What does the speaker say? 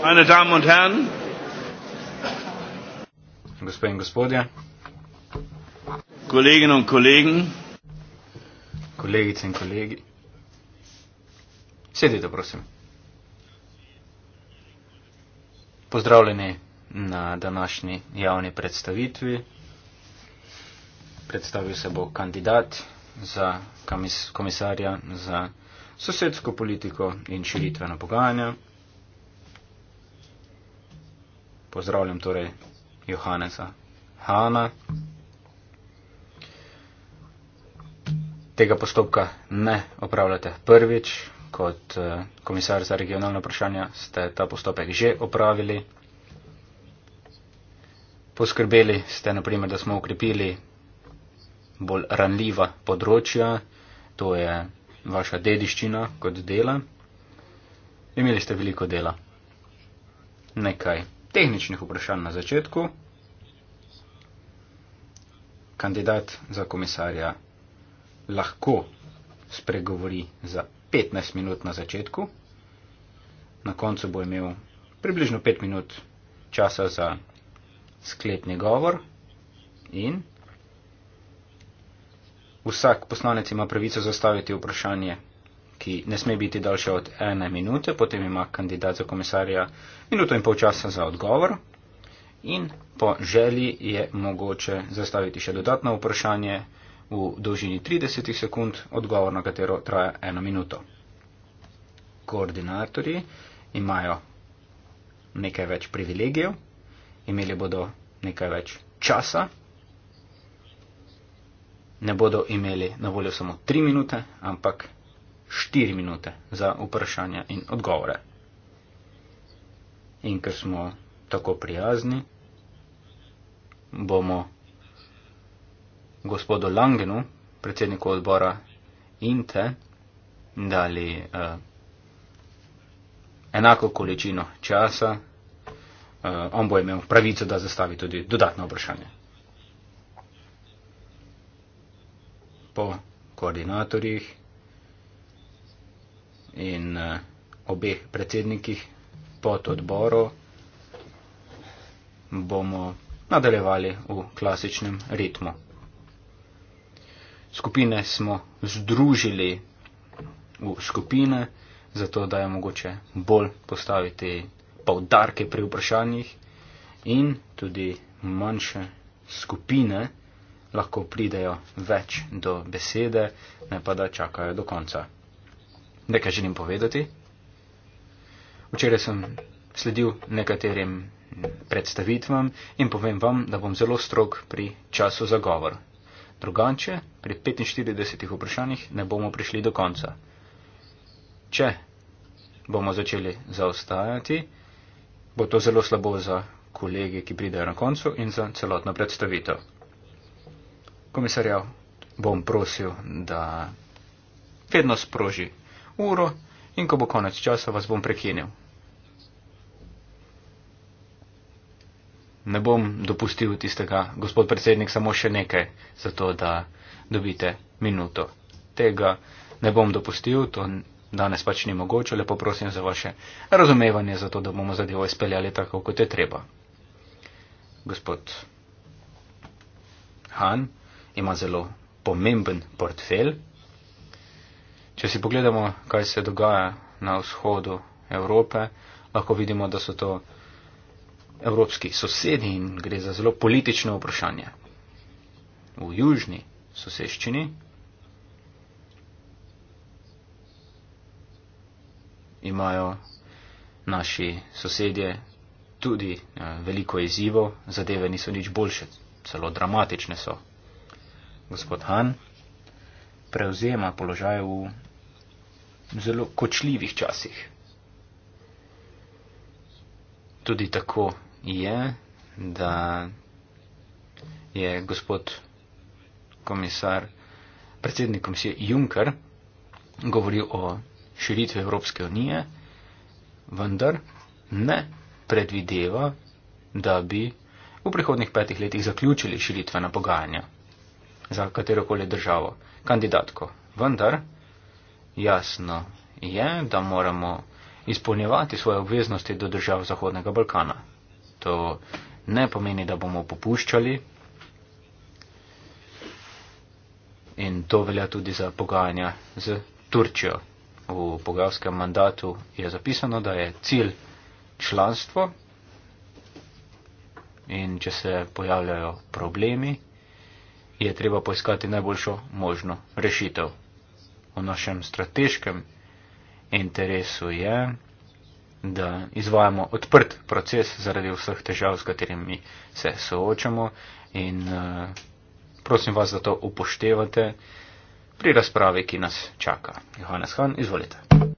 Meine Damen und Herren, Gospe in Gospodje, Kolleginnen und Kollegen, Kolleginnen und Kollegen, sedite, prosim. Pozdravljeni na današnji javni predstavitvi. Predstavil se bo kandidat za komisarja za sosedsko politiko in širitveno pogajanje. Pozdravljam torej Johanesa Hana. Tega postopka ne opravljate prvič, kot eh, komisar za regionalno vprašanje ste ta postopek že opravili. Poskrbeli ste, naprimer, da smo ukrepili bolj ranljiva področja, to je vaša dediščina kot dela. Imeli ste veliko dela. Nekaj tehničnih vprašanj na začetku. Kandidat za komisarja lahko spregovori za 15 minut na začetku. Na koncu bo imel približno 5 minut časa za sklepni govor in Vsak poslanec ima pravico zastaviti vprašanje, ki ne sme biti daljše od ene minute, potem ima kandidat za komisarja minuto in pol časa za odgovor in po želji je mogoče zastaviti še dodatno vprašanje v dolžini 30 sekund, odgovor na katero traja eno minuto. Koordinatorji imajo nekaj več privilegijev, imeli bodo nekaj več časa ne bodo imeli na voljo samo 3 minute, ampak 4 minute za vprašanja in odgovore. In ker smo tako prijazni, bomo gospodu Langenu, predsedniku odbora INTE, dali uh, enako količino časa, uh, on bo imel pravico, da zastavi tudi dodatno vprašanje. po koordinatorjih in eh, obeh predsednikih pod odboru bomo nadaljevali v klasičnem ritmu. Skupine smo združili v skupine, zato da je mogoče bolj postaviti poudarke pri vprašanjih in tudi manjše skupine lahko pridejo več do besede, ne pa da čakajo do konca. Nekaj želim povedati. Včeraj sem sledil nekaterim predstavitvam in povem vam, da bom zelo strog pri času za govor. Drugače, pri 45 vprašanjih ne bomo prišli do konca. Če bomo začeli zaostajati, bo to zelo slabo za kolege, ki pridejo na koncu in za celotno predstavitev komisarja bom prosil, da vedno sproži uro in ko bo konec časa, vas bom prekinil. Ne bom dopustil tistega, gospod predsednik, samo še nekaj, zato da dobite minuto. Tega ne bom dopustil, to danes pač ni mogoče, lepo prosim za vaše razumevanje, zato da bomo zadevo izpeljali tako, kot je treba. Gospod Han ima zelo pomemben portfelj. Če si pogledamo, kaj se dogaja na vzhodu Evrope, lahko vidimo, da so to evropski sosedi in gre za zelo politično vprašanje. V južni soseščini imajo naši sosedje tudi eh, veliko izzivov, zadeve niso nič boljše, celo dramatične so gospod Han, prevzema položaj v zelo kočljivih časih. Tudi tako je, da je gospod komisar, predsednik komisije Juncker, govoril o širitvi Evropske unije, vendar ne predvideva, da bi v prihodnih petih letih zaključili širitvena pogajanja za katero koli državo, kandidatko. Vendar jasno je, da moramo izpolnjevati svoje obveznosti do držav Zahodnega Balkana. To ne pomeni, da bomo popuščali in to velja tudi za pogajanja z Turčijo. V pogajalskem mandatu je zapisano, da je cilj članstvo in če se pojavljajo problemi, je treba poiskati najboljšo možno rešitev. V našem strateškem interesu je, da izvajamo odprt proces zaradi vseh težav, s katerimi se soočamo in eh, prosim vas, da to upoštevate pri razpravi, ki nas čaka. Johannes Han, izvolite.